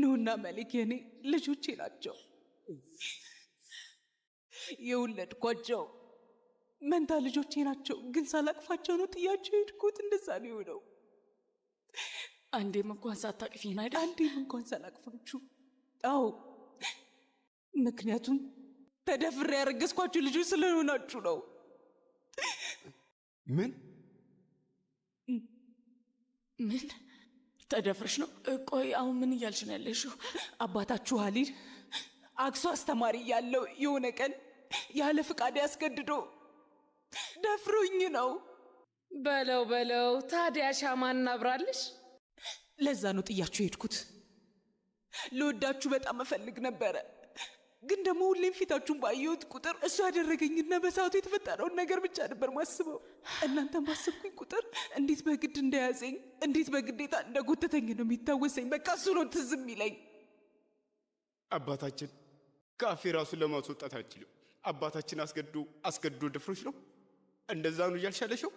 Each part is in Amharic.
ኑና መሊክ የኔ ልጆቼ ናቸው። የወለድኳቸው መንታ ልጆቼ ናቸው። ግን ሳላቅፋቸው ነው ጥያቸው ሄድኩት። እንደዛ ነው የሆነው። አንዴም እንኳን ሳታቅፊን አይደል? አንዴም እንኳን ሳላቅፋችሁ። አዎ፣ ምክንያቱም ተደፍሬ ያረገዝኳችሁ ልጆች ስለሆናችሁ ነው። ምን ምን ተደፍረሽ ነው? ቆይ አሁን ምን እያልሽ ነው ያለሽው? አባታችሁ ሀሊል አክሱ አስተማሪ ያለው የሆነ ቀን ያለ ፍቃድ ያስገድዶ ደፍሮኝ ነው። በለው በለው፣ ታዲያ ሻማ እናብራለሽ። ለዛ ነው ጥያችሁ የሄድኩት። ልወዳችሁ በጣም እፈልግ ነበረ። ግን ደግሞ ሁሌም ፊታችሁን ባየሁት ቁጥር እሱ ያደረገኝና በሰዓቱ የተፈጠረውን ነገር ብቻ ነበር ማስበው። እናንተን ባሰብኩኝ ቁጥር እንዴት በግድ እንደያዘኝ፣ እንዴት በግዴታ እንደጎተተኝ ነው የሚታወሰኝ። በቃ እሱ ነው ትዝ የሚለኝ። አባታችን ከአፌ ራሱን ለማስወጣት አይችልም። አባታችን አስገዶ አስገዶ ድፍሮች ነው። እንደዛ ነው እያልሻለሽው።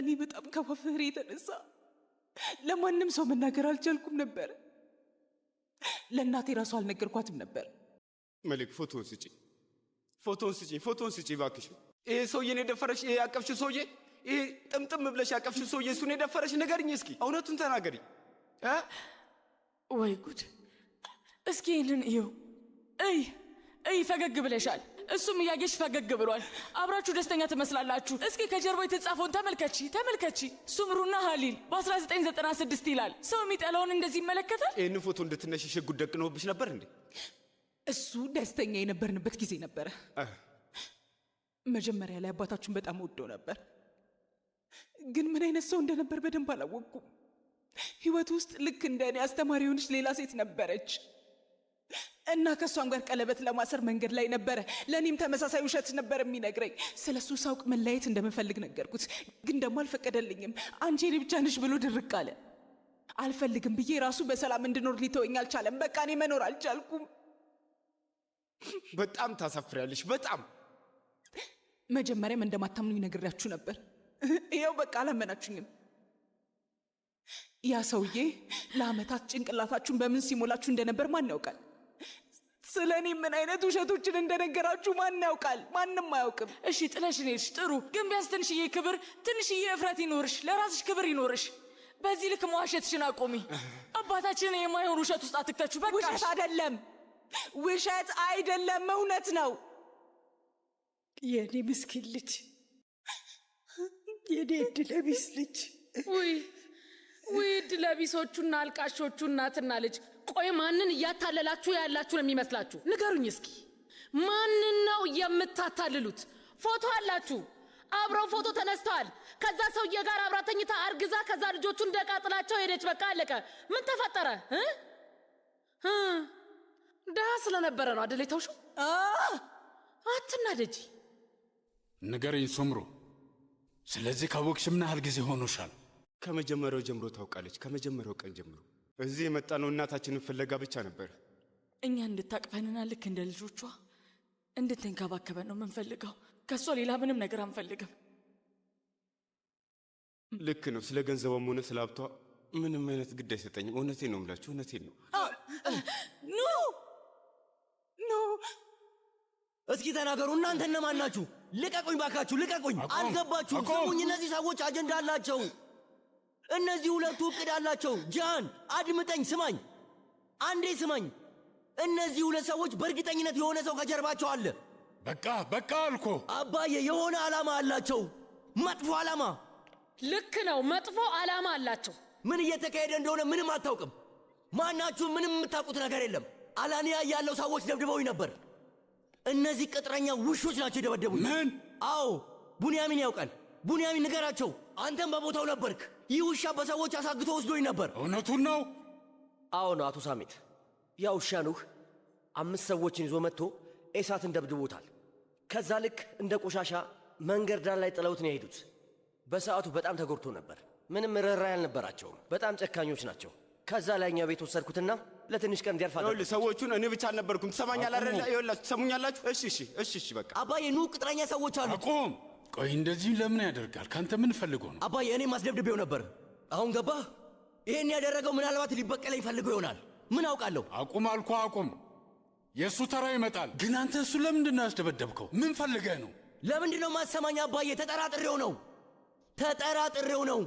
እኔ በጣም ከማፈሬ የተነሳ ለማንም ሰው መናገር አልቻልኩም ነበር። ለእናቴ ራሱ አልነገርኳትም ነበር። መልክ ፎቶን ስጪ፣ ፎቶን ስጪ፣ ፎቶን ስጪ እባክሽ። ይሄ ሰውዬን የደፈረሽ ይሄ ያቀፍሽው ሰውዬ ይሄ ጥምጥም ብለሽ ያቀፍሽው ሰውዬ እሱን የደፈረሽ ንገሪኝ፣ እስኪ እውነቱን ተናገሪ። ወይ ጉድ! እስኪ ይህንን እየው፣ እይ፣ እይ፣ ፈገግ ብለሻል፣ እሱም እያየሽ ፈገግ ብሏል። አብራችሁ ደስተኛ ትመስላላችሁ። እስኪ ከጀርባው የተጻፈውን ተመልከቺ፣ ተመልከቺ። ሱምሩና ሀሊል በ1996 ይላል። ሰው የሚጠላውን እንደዚህ ይመለከታል። ይህንን ፎቶ እንድትነሽ ሽጉጥ ደቅነውብሽ ነበር እንዴ? እሱ ደስተኛ የነበርንበት ጊዜ ነበረ። መጀመሪያ ላይ አባታችን በጣም ወዶ ነበር፣ ግን ምን አይነት ሰው እንደነበር በደንብ አላወቅኩም። ህይወት ውስጥ ልክ እንደ እኔ አስተማሪ የሆነች ሌላ ሴት ነበረች እና ከእሷም ጋር ቀለበት ለማሰር መንገድ ላይ ነበረ። ለእኔም ተመሳሳይ ውሸት ነበር የሚነግረኝ። ስለ እሱ ሳውቅ መለየት እንደምፈልግ ነገርኩት፣ ግን ደግሞ አልፈቀደልኝም። አንቺ እኔ ብቻ ነሽ ብሎ ድርቅ አለ። አልፈልግም ብዬ ራሱ በሰላም እንድኖር ሊተወኝ አልቻለም። በቃ እኔ መኖር አልቻልኩም። በጣም ታሳፍሪያለሽ። በጣም መጀመሪያም እንደማታምኑኝ ነግሬያችሁ ነበር። ይኸው በቃ አላመናችሁኝም። ያ ሰውዬ ለአመታት ጭንቅላታችሁን በምን ሲሞላችሁ እንደነበር ማን ያውቃል? ስለ እኔ ምን አይነት ውሸቶችን እንደነገራችሁ ማን ያውቃል? ማንም አያውቅም። እሺ ጥለሽ ኔሽ ጥሩ፣ ግን ቢያንስ ትንሽዬ ክብር፣ ትንሽዬ እፍረት ይኖርሽ፣ ለራስሽ ክብር ይኖርሽ። በዚህ ልክ መዋሸትሽን አቆሚ። አባታችንን የማይሆን ውሸት ውስጥ አትክተችሁ። በቃ ውሸት አይደለም ውሸት አይደለም፣ እውነት ነው። የኔ ምስኪን ልጅ፣ የኔ እድለቢስ ልጅ። ውይ ውይ፣ እድለቢሶቹና አልቃሾቹ እናትና ልጅ። ቆይ ማንን እያታለላችሁ ያላችሁ ነው የሚመስላችሁ? ንገሩኝ እስኪ ማንን ነው የምታታልሉት? ፎቶ አላችሁ፣ አብረው ፎቶ ተነስተዋል። ከዛ ሰውዬ ጋር አብራተኝታ አርግዛ፣ ከዛ ልጆቹን ደቃ ጥላቸው ሄደች። በቃ አለቀ። ምን ተፈጠረ? ደሃ ስለነበረ ነው አደል አትና አትናደጂ። ንገረኝ ሱምሩ፣ ስለዚህ ካወቅሽ ምን ያህል ጊዜ ሆኖሻል? ከመጀመሪያው ጀምሮ ታውቃለች። ከመጀመሪያው ቀን ጀምሮ እዚህ የመጣነው እናታችንን ፍለጋ ብቻ ነበር። እኛ እንድታቅፈንና ልክ እንደ ልጆቿ እንድትንከባከበን ነው የምንፈልገው። ከእሷ ሌላ ምንም ነገር አንፈልግም። ልክ ነው። ስለ ገንዘቧም ሆነ ስለ ሀብቷ ምንም አይነት ግድ አይሰጠኝም። እውነቴን ነው የምላችሁ፣ እውነቴን ነው። እስኪ ተናገሩ። እናንተ እነማን ናችሁ? ልቀቁኝ ባካችሁ፣ ልቀቁኝ። አልገባችሁ። ስሙኝ፣ እነዚህ ሰዎች አጀንዳ አላቸው። እነዚህ ሁለቱ እቅድ አላቸው። ጃን አድምጠኝ፣ ስማኝ፣ አንዴ ስማኝ። እነዚህ ሁለት ሰዎች በእርግጠኝነት የሆነ ሰው ከጀርባቸው አለ። በቃ በቃ አልኮ አባዬ፣ የሆነ ዓላማ አላቸው። መጥፎ ዓላማ። ልክ ነው፣ መጥፎ ዓላማ አላቸው። ምን እየተካሄደ እንደሆነ ምንም አታውቅም። ማናችሁም ምንም የምታውቁት ነገር የለም። አላንያ ያለው ሰዎች ደብድበውኝ ነበር እነዚህ ቅጥረኛ ውሾች ናቸው የደበደቡኝ። ምን? አዎ ቡንያሚን ያውቃል። ቡንያሚን ንገራቸው፣ አንተም በቦታው ነበርክ። ይህ ውሻ በሰዎች አሳግቶ ወስዶኝ ነበር። እውነቱን ነው? አዎ ነው አቶ ሳሜት። ያ ውሻ ኑህ አምስት ሰዎችን ይዞ መጥቶ ኤሳትን ደብድቦታል። ከዛ ልክ እንደ ቆሻሻ መንገድ ዳር ላይ ጥለውት ነው የሄዱት። በሰዓቱ በጣም ተጎድቶ ነበር። ምንም ርኅራኄ አልነበራቸውም። በጣም ጨካኞች ናቸው። ከዛ ላይኛው ቤት ወሰድኩትና ለትንሽ ቀን እንዲያርፍ አደረኩት። ሰዎቹን እኔ ብቻ አልነበርኩም። ትሰማኛል እሺ፣ እሺ፣ እሺ፣ እሺ። በቃ አባዬ፣ ኑ ቅጥረኛ ሰዎች አሉ። አቁም! ቆይ እንደዚህ ለምን ያደርጋል? ካንተ ምን ፈልጎ ነው? አባዬ፣ እኔ ማስደብድቤው ነበር። አሁን ገባ። ይሄን ያደረገው ምናልባት ሊበቀለኝ ፈልጎ ይሆናል። ምን አውቃለሁ? አቁም አልኩ፣ አቁም። የእሱ ተራ ይመጣል። ግን አንተ እሱ ለምንድን ነው ያስደበደብከው? ምን ፈልገህ ነው? ለምንድን ነው ማሰማኝ? አባዬ፣ ተጠራጥሬው ነው፣ ተጠራጥሬው ነው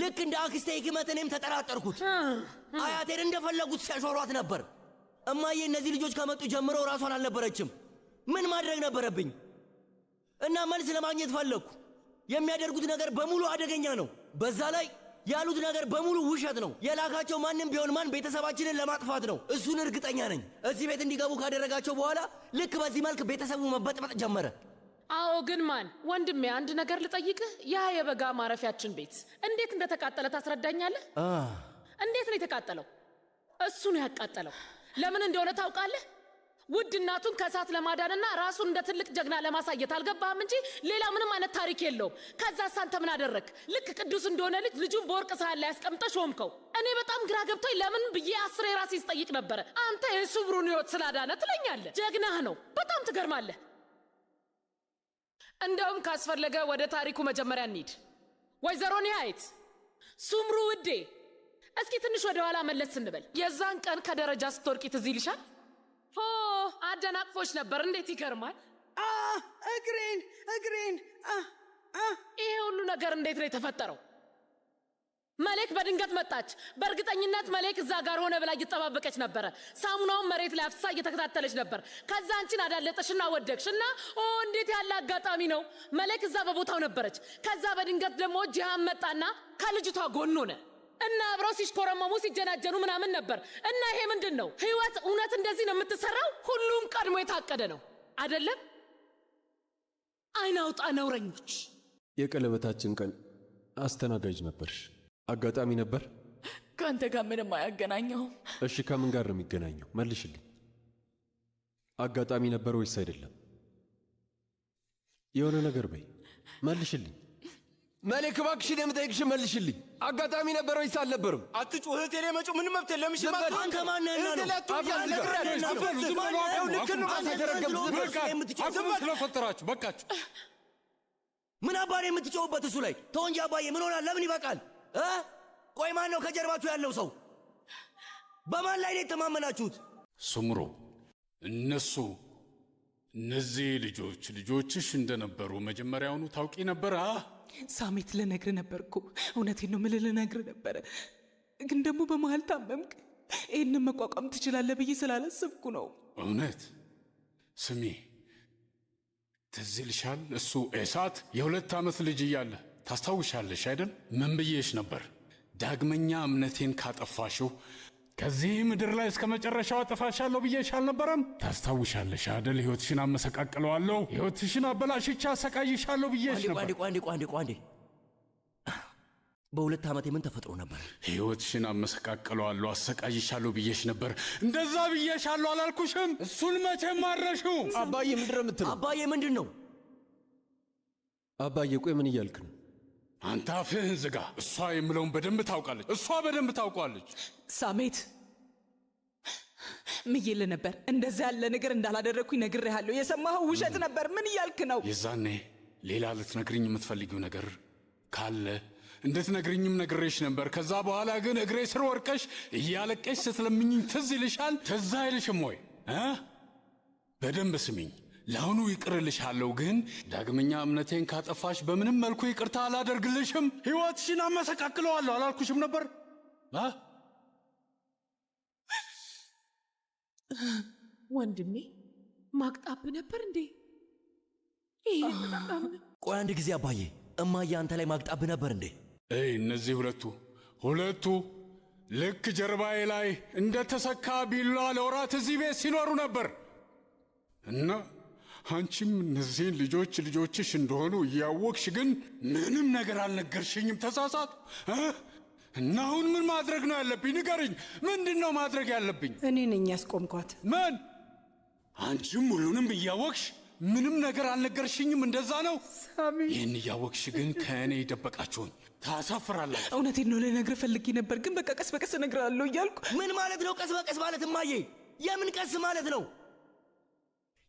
ልክ እንደ አክስቴ ህክመት እኔም ተጠራጠርኩት። አያቴን እንደፈለጉት ሲያሾሯት ነበር። እማዬ እነዚህ ልጆች ከመጡ ጀምሮ ራሷን አልነበረችም። ምን ማድረግ ነበረብኝ? እና መልስ ለማግኘት ፈለግኩ። የሚያደርጉት ነገር በሙሉ አደገኛ ነው። በዛ ላይ ያሉት ነገር በሙሉ ውሸት ነው። የላካቸው ማንም ቢሆን ማን ቤተሰባችንን ለማጥፋት ነው፣ እሱን እርግጠኛ ነኝ። እዚህ ቤት እንዲገቡ ካደረጋቸው በኋላ ልክ በዚህ መልክ ቤተሰቡ መበጥበጥ ጀመረ። አዎ ግን ማን ወንድሜ፣ አንድ ነገር ልጠይቅህ። ያ የበጋ ማረፊያችን ቤት እንዴት እንደተቃጠለ ታስረዳኛለህ? እንዴት ነው የተቃጠለው? እሱ ነው ያቃጠለው። ለምን እንደሆነ ታውቃለህ? ውድ እናቱን ከእሳት ለማዳንና ራሱን እንደ ትልቅ ጀግና ለማሳየት አልገባህም እንጂ ሌላ ምንም አይነት ታሪክ የለውም። ከዛ ሳንተ ምን አደረግ? ልክ ቅዱስ እንደሆነ ልጅ ልጁን በወርቅ ሳህን ላይ ያስቀምጠ ሾምከው። እኔ በጣም ግራ ገብቶኝ ለምን ብዬ አስሬ ራሴ ስጠይቅ ነበረ። አንተ የሱብሩን ህይወት ስላዳነ ትለኛለህ። ጀግናህ ነው። በጣም ትገርማለህ። እንደውም ካስፈለገ ወደ ታሪኩ መጀመሪያ እንሂድ። ወይዘሮ ኒሃይት፣ ሱምሩ ውዴ፣ እስኪ ትንሽ ወደ ኋላ መለስ ስንበል የዛን ቀን ከደረጃ ስትወርቂ ትዝ ይልሻል? ሆ አደናቅፎች ነበር። እንዴት ይገርማል! እግሬን እግሬን! ይሄ ሁሉ ነገር እንዴት ነው የተፈጠረው? መሌክ በድንገት መጣች። በእርግጠኝነት መሌክ እዛ ጋር ሆነ ብላ እየጠባበቀች ነበረ። ሳሙናውን መሬት ላይ አፍሳ እየተከታተለች ነበር። ከዛ አንቺን አዳለጠሽና ወደቅሽ እና ኦ እንዴት ያለ አጋጣሚ ነው! መሌክ እዛ በቦታው ነበረች። ከዛ በድንገት ደግሞ ጂሃን መጣና ከልጅቷ ጎን ሆነ እና አብረው ሲሽኮረመሙ ሲጀናጀኑ ምናምን ነበር እና ይሄ ምንድን ነው? ህይወት እውነት እንደዚህ ነው የምትሰራው? ሁሉም ቀድሞ የታቀደ ነው አይደለም? አይናውጣ ነውረኞች። የቀለበታችን ቀን አስተናጋጅ ነበርሽ። አጋጣሚ ነበር። ከአንተ ጋር ምንም አያገናኘውም። እሺ ከምን ጋር ነው የሚገናኘው? መልሽልኝ። አጋጣሚ ነበር ወይስ አይደለም? የሆነ ነገር በይ፣ መልሽልኝ። መልክ እባክሽን፣ የምጠይቅሽን መልሽልኝ። አጋጣሚ ነበር ወይስ አልነበርም? አትጩ እህቴ ላይ መጮ ምን መብት የለም። እሺ አንተ ማን በቃችሁ። ምን አባሬ የምትጮህበት እሱ ላይ ተወንጃ። አባዬ ምን ሆናል? ለምን ይበቃል። ቆይ ማን ነው ከጀርባችሁ ያለው ሰው? በማን ላይ ነው የተማመናችሁት? ስምሮ፣ እነሱ እነዚህ ልጆች ልጆችሽ እንደነበሩ መጀመሪያውኑ ታውቂ ነበር? ሳሜት፣ ልነግር ነበር እኮ እውነቴን ነው ምል ልነግር ነበረ፣ ግን ደግሞ በመሀል ታመምክ። ይህንን መቋቋም ትችላለህ ብዬ ስላላሰብኩ ነው። እውነት ስሚ፣ ትዝ ይልሻል እሱ ኤሳት የሁለት ዓመት ልጅ እያለ ታስታውሻለሽ አይደል? ምን ብዬሽ ነበር? ዳግመኛ እምነቴን ካጠፋሽው ከዚህ ምድር ላይ እስከ መጨረሻው አጠፋሻለሁ ብዬሽ አልነበረም? ታስታውሻለሽ አደል? ሕይወትሽን አመሰቃቅለዋለሁ፣ ሕይወትሽን አበላሽቻ አሰቃይሻለሁ ብዬሽ ነበር። ቋንዴ ቋንዴ ቋንዴ በሁለት ዓመቴ ምን ተፈጥሮ ነበር? ሕይወትሽን አመሰቃቅለዋለሁ አሰቃይሻለሁ ብዬሽ ነበር። እንደዛ ብዬሻለሁ አላልኩሽም? እሱን መቼም አረሽው። አባዬ ምንድን ነው የምትለው? አባዬ ምንድን ነው አባዬ? ቆይ ምን እያልክ ነው? አንተ አፍህን ዝጋ። እሷ የምለውን በደንብ ታውቃለች። እሷ በደንብ ታውቋለች። ሳሜት ምይል ነበር። እንደዛ ያለ ነገር እንዳላደረግኩኝ ነግሬሃለሁ። የሰማኸው ውሸት ነበር። ምን እያልክ ነው? የዛኔ ሌላ ልትነግርኝ የምትፈልጊው ነገር ካለ እንድትነግርኝም ነግሬሽ ነበር። ከዛ በኋላ ግን እግሬ ስር ወርቀሽ እያለቀሽ ስትለምኝኝ ትዝ ይልሻል? ትዝ አይልሽም ወይ? በደንብ ስሚኝ ለአሁኑ ይቅርልሻለሁ፣ ግን ዳግመኛ እምነቴን ካጠፋሽ በምንም መልኩ ይቅርታ አላደርግልሽም። ሕይወትሽን አመሰቃቅለዋለሁ። አላልኩሽም ነበር? ወንድሜ ማቅጣብ ነበር እንዴ? ቆይ አንድ ጊዜ አባዬ፣ እማዬ አንተ ላይ ማቅጣብ ነበር እንዴ? እነዚህ ሁለቱ ሁለቱ ልክ ጀርባዬ ላይ እንደ ተሰካ ቢላ ለወራት እዚህ ቤት ሲኖሩ ነበር እና አንቺም እነዚህን ልጆች ልጆችሽ እንደሆኑ እያወቅሽ ግን ምንም ነገር አልነገርሽኝም። ተሳሳት እና አሁን ምን ማድረግ ነው ያለብኝ? ንገርኝ። ምንድን ነው ማድረግ ያለብኝ? እኔ ነኝ ያስቆምኳት። ምን? አንቺም ሁሉንም እያወቅሽ ምንም ነገር አልነገርሽኝም። እንደዛ ነው? ይህን እያወቅሽ ግን ከእኔ የደበቃችሁን ታሳፍራላችሁ። እውነቴን ነው። ልነግርህ ፈልጌ ነበር፣ ግን በቃ ቀስ በቀስ እነግርሃለሁ እያልኩ። ምን ማለት ነው ቀስ በቀስ ማለት? እማዬ የምን ቀስ ማለት ነው?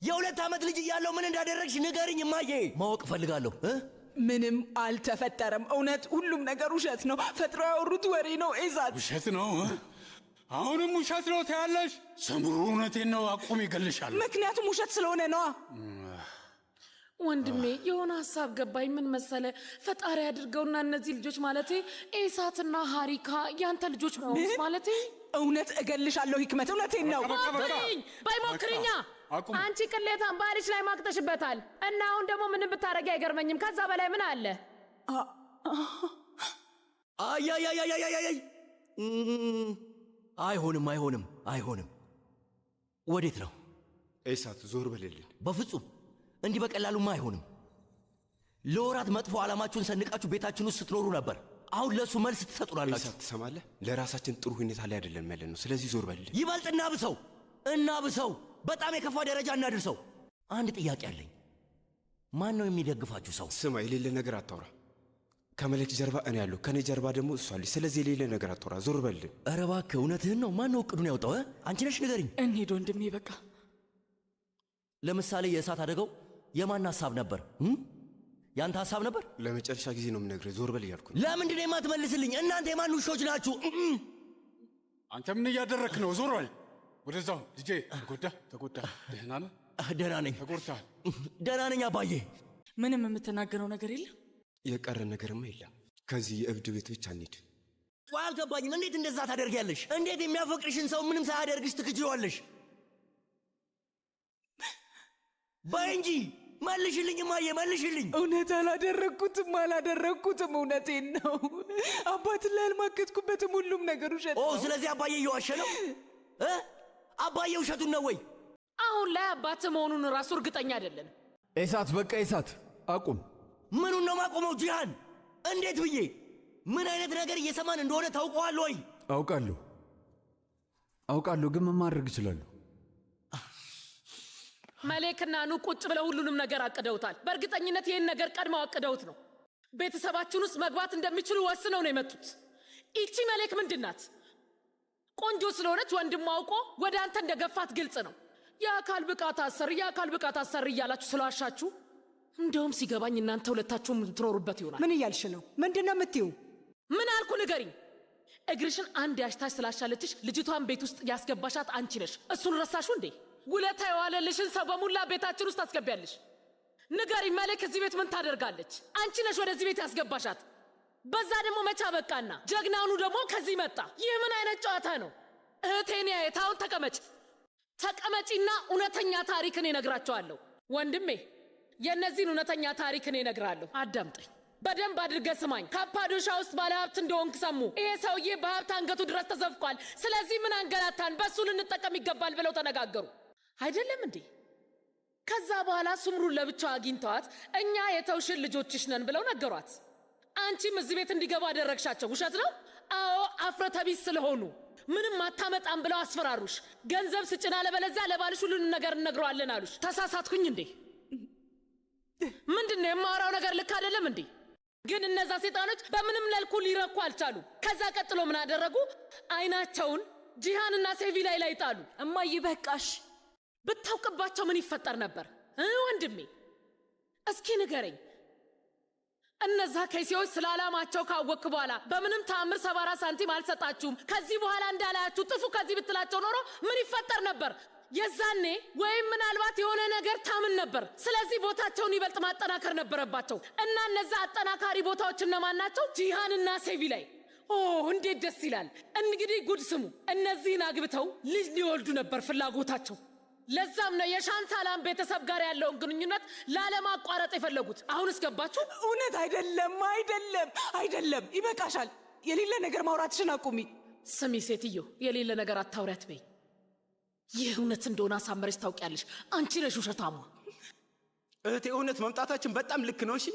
የሁለት ዓመት ልጅ እያለው ምን እንዳደረግሽ ንገርኝ እማዬ። ማወቅ እፈልጋለሁ። ምንም አልተፈጠረም። እውነት፣ ሁሉም ነገር ውሸት ነው። ፈጥሮ ያወሩት ወሬ ነው። ኤዛት፣ ውሸት ነው። አሁንም ውሸት ነው ትያለሽ? ሰምሩ፣ እውነቴን ነው። አቁም፣ ይገልሻል። ምክንያቱም ውሸት ስለሆነ ነዋ። ወንድሜ የሆነ ሀሳብ ገባኝ። ምን መሰለ፣ ፈጣሪ አድርገውና እነዚህ ልጆች ማለቴ ኤሳትና ሀሪካ ያንተ ልጆች ማለት ማለቴ፣ እውነት እገልሻለሁ። ሂክመት፣ እውነቴን ነው። ባይሞክርኛ አንቺ ቅሌታም ባልሽ ላይ ማቅጠሽበታል እና አሁን ደግሞ ምንም ብታረጊ አይገርመኝም። ከዛ በላይ ምን አለ? አያያያያያያይ አይሆንም፣ አይሆንም፣ አይሆንም። ወዴት ነው ኤሳት? ዞር በሌልን። በፍጹም እንዲህ በቀላሉማ አይሆንም። ለወራት መጥፎ ዓላማችሁን ሰንቃችሁ ቤታችን ውስጥ ስትኖሩ ነበር። አሁን ለእሱ መልስ ትሰጡናላችሁ። ኤሳት ትሰማለህ? ለራሳችን ጥሩ ሁኔታ ላይ አይደለም ያለን ነው። ስለዚህ ዞር በሌልን። ይበልጥ እናብሰው፣ እናብሰው በጣም የከፋ ደረጃ እናድርሰው። አንድ ጥያቄ አለኝ። ማን ነው የሚደግፋችሁ ሰው? ስማ፣ የሌለ ነገር አታውራ። ከመለች ጀርባ እኔ ያለሁ፣ ከእኔ ጀርባ ደግሞ እሷ አለች። ስለዚህ የሌለ ነገር አታውራ፣ ዞር በልን። ኧረ እባክህ፣ እውነትህን ነው። ማን ነው እቅዱን ያውጣው? አንቺ ነሽ? ንገሪኝ። እንሂድ ወንድሜ፣ በቃ ለምሳሌ የእሳት አደጋው የማን ሀሳብ ነበር? ያንተ ሀሳብ ነበር? ለመጨረሻ ጊዜ ነው የምነግርህ፣ ዞር በል እያልኩ። ለምንድን ነው የማትመልስልኝ? እናንተ የማን ውሾች ናችሁ? አንተ ምን እያደረክ ነው? ዞር በል ወደዛው ልጄ። ተጎዳ ተጎዳ። ደህና ነህ? ደህና ነኝ። ተጎድተሃል? ደህና ነኝ አባዬ። ምንም የምትናገረው ነገር የለም? የቀረ ነገርማ የለም። ከዚህ የእብድ ቤት ብቻ እንሂድ። ቆይ አልገባኝም። እንዴት እንደዛ ታደርጊያለሽ? እንዴት የሚያፈቅርሽን ሰው ምንም ሳያደርግሽ ትክጅዋለሽ? በይ እንጂ መልሽልኝ እማዬ መልሽልኝ። እውነት አላደረግኩትም አላደረግኩትም፣ እውነቴን ነው። አባትን ላይ ያልማከትኩበትም ሁሉም ነገሩ ውሸት ኦ ስለዚህ አባዬ እየዋሸ ነው። አባዬ ውሸቱን ነው ወይ? አሁን ላይ አባት መሆኑን ራሱ እርግጠኛ አይደለም። ኢሳት በቃ እሳት አቁም። ምኑን ነው ማቆመው? ጂሃን እንዴት ብዬ ምን አይነት ነገር እየሰማን እንደሆነ ታውቀዋል ወይ? አውቃለሁ አውቃለሁ፣ ግን ምን ማድረግ ይችላሉ? መሌክና ኑ ቁጭ ብለው ሁሉንም ነገር አቅደውታል። በእርግጠኝነት ይህን ነገር ቀድመው አቅደውት ነው። ቤተሰባችን ውስጥ መግባት እንደሚችሉ ወስነው ነው የመጡት። ይቺ መሌክ ምንድን ናት? ቆንጆ ስለሆነች ወንድም አውቆ ወደ አንተ እንደገፋት ግልጽ ነው። የአካል ብቃት አሰሪ የአካል ብቃት አሰሪ እያላችሁ ስለዋሻችሁ እንደውም ሲገባኝ እናንተ ሁለታችሁም ትኖሩበት ይሆናል። ምን እያልሽ ነው? ምንድን ነው የምትይው? ምን አልኩ ንገሪኝ። እግርሽን አንድ ያሽታሽ ስላሻለችሽ ልጅቷን ቤት ውስጥ ያስገባሻት አንቺ ነሽ። እሱን ረሳሹ እንዴ? ውለታ የዋለልሽን ሰው በሙላ ቤታችን ውስጥ አስገቢያለሽ። ንገሪኝ፣ መሌክ እዚህ ቤት ምን ታደርጋለች? አንቺ ነሽ ወደዚህ ቤት ያስገባሻት። በዛ ደግሞ መቻ በቃና ጀግናኑ ደግሞ ከዚህ መጣ። ይህ ምን አይነት ጨዋታ ነው? እህቴን ያየት አሁን ተቀመጭ ተቀመጪና እውነተኛ ታሪክን እነግራቸዋለሁ። ወንድሜ የእነዚህን እውነተኛ ታሪክን እነግራለሁ። አዳምጠኝ በደንብ አድርገ ስማኝ። ካፓዶሻ ውስጥ ባለሀብት እንደሆንክ ሰሙ። ይሄ ሰውዬ በሀብት አንገቱ ድረስ ተዘፍቋል። ስለዚህ ምን አንገላታን፣ በእሱ ልንጠቀም ይገባል ብለው ተነጋገሩ። አይደለም እንዴ? ከዛ በኋላ ስምሩን ለብቻው አግኝተዋት እኛ የተውሽን ልጆችሽ ነን ብለው ነገሯት። አንቺም እዚህ ቤት እንዲገቡ አደረግሻቸው። ውሸት ነው። አዎ አፍረተቢስ ስለሆኑ ምንም አታመጣም ብለው አስፈራሩሽ። ገንዘብ ስጭና ለበለዚያ ለባልሽ ሁሉንም ነገር እነግረዋለን አሉሽ። ተሳሳትኩኝ እንዴ? ምንድን ነው የማወራው ነገር ልክ አይደለም እንዴ? ግን እነዛ ሴጣኖች በምንም መልኩ ሊረኩ አልቻሉ። ከዛ ቀጥሎ ምን አደረጉ? አይናቸውን ጂሃንና ሴቪ ላይ ላይ ጣሉ። እማዬ በቃሽ። ብታውቅባቸው ምን ይፈጠር ነበር? ወንድሜ እስኪ ንገረኝ እነዛ ከሴዎች ስለ ዓላማቸው ካወቅክ በኋላ በምንም ተአምር ሰባራ ሳንቲም አልሰጣችሁም፣ ከዚህ በኋላ እንዳላያችሁ ጥፉ ከዚህ ብትላቸው ኖሮ ምን ይፈጠር ነበር? የዛኔ ወይም ምናልባት የሆነ ነገር ታምን ነበር። ስለዚህ ቦታቸውን ይበልጥ ማጠናከር ነበረባቸው እና እነዛ አጠናካሪ ቦታዎች እነማን ናቸው? ጂሃንና ሴቪ ላይ ኦ እንዴት ደስ ይላል! እንግዲህ ጉድ ስሙ። እነዚህን አግብተው ልጅ ሊወልዱ ነበር ፍላጎታቸው። ለዛም ነው የሻንታላን ቤተሰብ ጋር ያለውን ግንኙነት ላለማቋረጥ የፈለጉት። አሁን እስገባችሁ? እውነት አይደለም፣ አይደለም፣ አይደለም። ይበቃሻል። የሌለ ነገር ማውራትሽን አቁሚ። ስሚ ሴትዮ፣ የሌለ ነገር አታውሪያት በይ። ይህ እውነት እንደሆነ አሳመረች ታውቂያለሽ። አንቺ ነሽ ውሸታሟ። እህቴ፣ እውነት መምጣታችን በጣም ልክ ነው። እሺ፣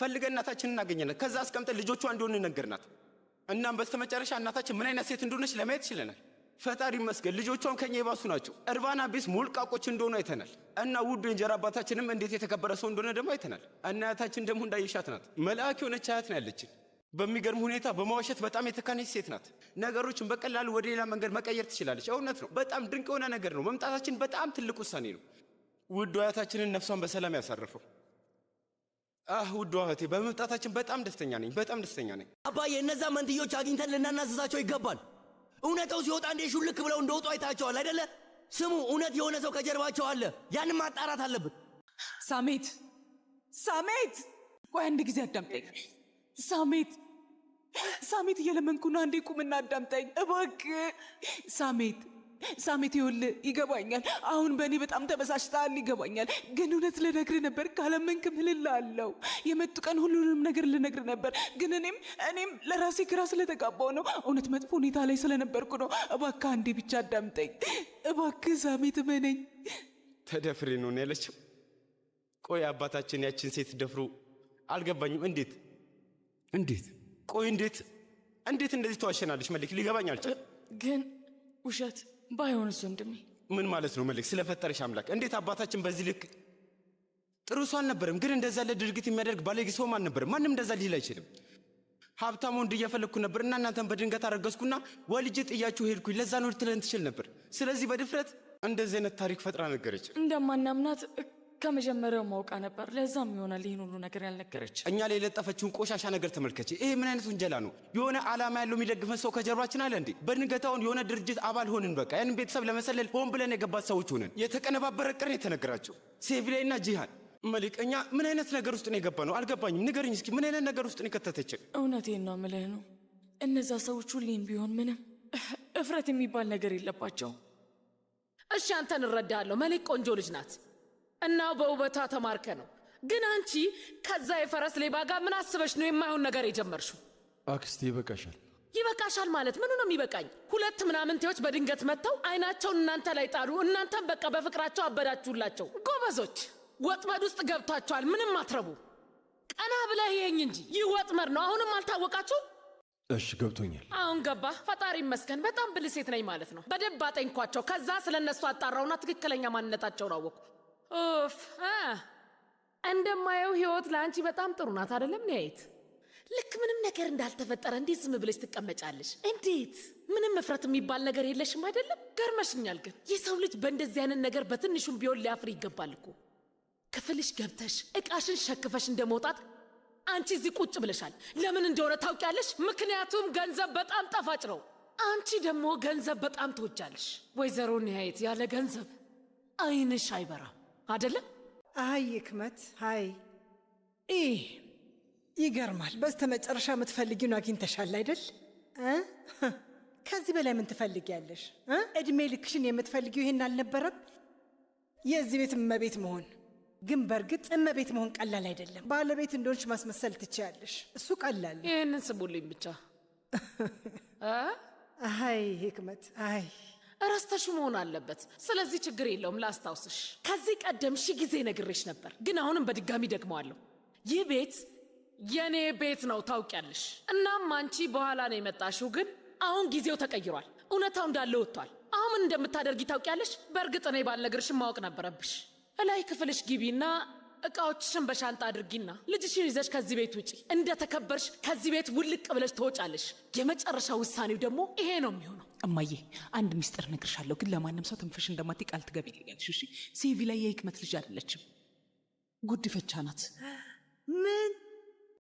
ፈልገን እናታችን እናገኘናት። ከዛ አስቀምጠን ልጆቿ እንደሆን ነገርናት። እናም በስተመጨረሻ እናታችን ምን አይነት ሴት እንደሆነች ለማየት ችለናል። ፈጣሪ ይመስገን ልጆቿም ከኛ የባሱ ናቸው። እርባና ቢስ ሞልቃቆች እንደሆኑ አይተናል እና ውዱ የእንጀራ አባታችንም እንዴት የተከበረ ሰው እንደሆነ ደግሞ አይተናል። እናያታችን ደግሞ እንዳየሻት ናት። መልአክ የሆነች አያት ነው ያለችን። በሚገርም ሁኔታ በማዋሸት በጣም የተካነች ሴት ናት። ነገሮችን በቀላሉ ወደ ሌላ መንገድ መቀየር ትችላለች። እውነት ነው። በጣም ድንቅ የሆነ ነገር ነው። መምጣታችን በጣም ትልቅ ውሳኔ ነው። ውዱ አያታችንን ነፍሷን በሰላም ያሳረፈው አህ ውዱ እህቴ በመምጣታችን በጣም ደስተኛ ነኝ። በጣም ደስተኛ ነኝ አባዬ። እነዛ መንትዮች አግኝተን ልናናዘዛቸው ይገባል። እውነተው ሲወጣ እንዴ ሹልክ ብለው እንደወጡ አይታቸዋል አይደለ? ስሙ፣ እውነት የሆነ ሰው ከጀርባቸው አለ። ያንም ማጣራት አለብን። ሳሜት ሳሜት፣ ቆይ አንድ ጊዜ አዳምጠኝ ሳሜት ሳሜት፣ እየለመንኩና አንዴ ቁምና አዳምጠኝ እባክህ ሳሜት ሳሜት ይውል ይገባኛል። አሁን በእኔ በጣም ተበሳሽተሃል፣ ይገባኛል። ግን እውነት ለነግር ነበር፣ ካላመንክም እልልሃለሁ። የመጡ ቀን ሁሉንም ነገር ልነግር ነበር፣ ግን እኔም እኔም ለራሴ ግራ ስለተጋባው ነው። እውነት መጥፎ ሁኔታ ላይ ስለነበርኩ ነው። እባክ አንዴ ብቻ አዳምጠኝ እባክ ሳሜት፣ መነኝ። ተደፍሬ ነው ያለችው። ቆይ አባታችን ያችን ሴት ደፍሮ አልገባኝም። እንዴት እንዴት ቆይ እንዴት እንዴት እንደዚህ ተዋሸናለች? መልክ ሊገባኝ ግን ውሸት ባይሆንስ ወንድሜ ምን ማለት ነው? መልክ ስለፈጠረሽ አምላክ እንዴት አባታችን በዚህ ልክ ጥሩ ሰው አልነበረም፣ ግን እንደዛ ያለ ድርጊት የሚያደርግ ባለጌ ሰውም አልነበረም። ማንም እንደዛ ሊል አይችልም። ሀብታም ወንድ እየፈለግኩ ነበር እና እናንተን በድንገት አረገዝኩና ወልጅ ጥያችሁ ሄድኩኝ። ለዛ ነው ልትለን ትችል ነበር። ስለዚህ በድፍረት እንደዚህ አይነት ታሪክ ፈጥራ ነገረች እንደማናምናት ከመጀመሪያው ማውቃ ነበር። ለዛም ይሆናል ይህን ሁሉ ነገር ያልነገረች። እኛ ላይ የለጠፈችውን ቆሻሻ ነገር ተመልከች። ይሄ ምን አይነት ውንጀላ ነው? የሆነ አላማ ያለው የሚደግፈን ሰው ከጀርባችን አለ እንዴ? በንገታውን የሆነ ድርጅት አባል ሆንን። በቃ ያንን ቤተሰብ ለመሰለል ሆን ብለን የገባት ሰዎች ሆነን የተቀነባበረ ቅር የተነገራቸው ሴቪላይና ጂሃን መሊክ እኛ ምን አይነት ነገር ውስጥ ነው የገባ ነው? አልገባኝም። ንገርኝ እስኪ ምን አይነት ነገር ውስጥ ነው የከተተችን? እውነቴን ነው ምልህ ነው። እነዛ ሰዎች ሁሌም ቢሆን ምንም እፍረት የሚባል ነገር የለባቸውም። እሺ አንተን እረዳለሁ። መሊክ ቆንጆ ልጅ ናት። እና በውበቷ ተማርከ ነው። ግን አንቺ ከዛ የፈረስ ሌባ ጋር ምን አስበሽ ነው የማይሆን ነገር የጀመርሽው? አክስቴ ይበቃሻል። ይበቃሻል ማለት ምኑ ነው የሚበቃኝ? ሁለት ምናምንቴዎች በድንገት መጥተው አይናቸውን እናንተ ላይ ጣሉ። እናንተም በቃ በፍቅራቸው አበዳችሁላቸው። ጎበዞች፣ ወጥመድ ውስጥ ገብታችኋል። ምንም አትረቡ። ቀና ብለህ ይሄኝ እንጂ ይህ ወጥመድ ነው። አሁንም አልታወቃችሁ? እሺ ገብቶኛል። አሁን ገባ። ፈጣሪ ይመስገን። በጣም ብልሴት ነኝ ማለት ነው። በደብ አጠንኳቸው። ከዛ ስለ እነሱ አጣራውና ትክክለኛ ማንነታቸውን አወቅኩ። እንደማየው ህይወት ለአንቺ በጣም ጥሩ ናት አይደለም? ኒያየት ልክ ምንም ነገር እንዳልተፈጠረ እንዴት ዝም ብለሽ ትቀመጫለሽ? እንዴት ምንም እፍረት የሚባል ነገር የለሽም አይደለም? ገርመሽኛል። ግን የሰው ልጅ በእንደዚህ አይነት ነገር በትንሹም ቢሆን ሊያፍር ይገባል እኮ። ክፍልሽ ገብተሽ እቃሽን ሸክፈሽ እንደ መውጣት አንቺ እዚህ ቁጭ ብለሻል። ለምን እንደሆነ ታውቂያለሽ? ምክንያቱም ገንዘብ በጣም ጣፋጭ ነው። አንቺ ደግሞ ገንዘብ በጣም ትወጃለሽ። ወይዘሮ ኒያየት ያለ ገንዘብ አይንሽ አይበራም። አደለም? አይ ህክመት፣ አይ ይህ ይገርማል። በስተ መጨረሻ የምትፈልጊውን አግኝተሻል አይደል? ከዚህ በላይ ምን ትፈልጊያለሽ? እድሜ ልክሽን የምትፈልጊው ይሄን አልነበረም? የዚህ ቤት እመቤት መሆን ግን በእርግጥ እመቤት መሆን ቀላል አይደለም። ባለቤት እንደሆንሽ ማስመሰል ትችያለሽ። እሱ ቀላል። ይህንን ስሙልኝ ብቻ። አይ ህክመት፣ አይ እረስተሹ መሆን አለበት። ስለዚህ ችግር የለውም ላስታውስሽ። ከዚህ ቀደም ሺ ጊዜ ነግሬሽ ነበር፣ ግን አሁንም በድጋሚ ደግመዋለሁ። ይህ ቤት የኔ ቤት ነው ታውቂያለሽ። እናም አንቺ በኋላ ነው የመጣሽው፣ ግን አሁን ጊዜው ተቀይሯል። እውነታው እንዳለ ወጥቷል። አሁን ምን እንደምታደርጊ ታውቂያለሽ። በእርግጥ እኔ ባልነግርሽም ማወቅ ነበረብሽ። እላይ ክፍልሽ ግቢና እቃዎችሽን በሻንጣ አድርጊና ልጅሽን ይዘሽ ከዚህ ቤት ውጪ። እንደተከበርሽ ከዚህ ቤት ውልቅ ብለሽ ትወጫለሽ። የመጨረሻ ውሳኔው ደግሞ ይሄ ነው የሚሆነው። እማዬ አንድ ሚስጥር እነግርሻለሁ፣ ግን ለማንም ሰው ትንፍሽ እንደማትይ ቃል ትገቢልኛለሽ። እሺ? ሴቪ ላይ የህክመት ልጅ አይደለችም፣ ጉድፈቻ ናት። ምን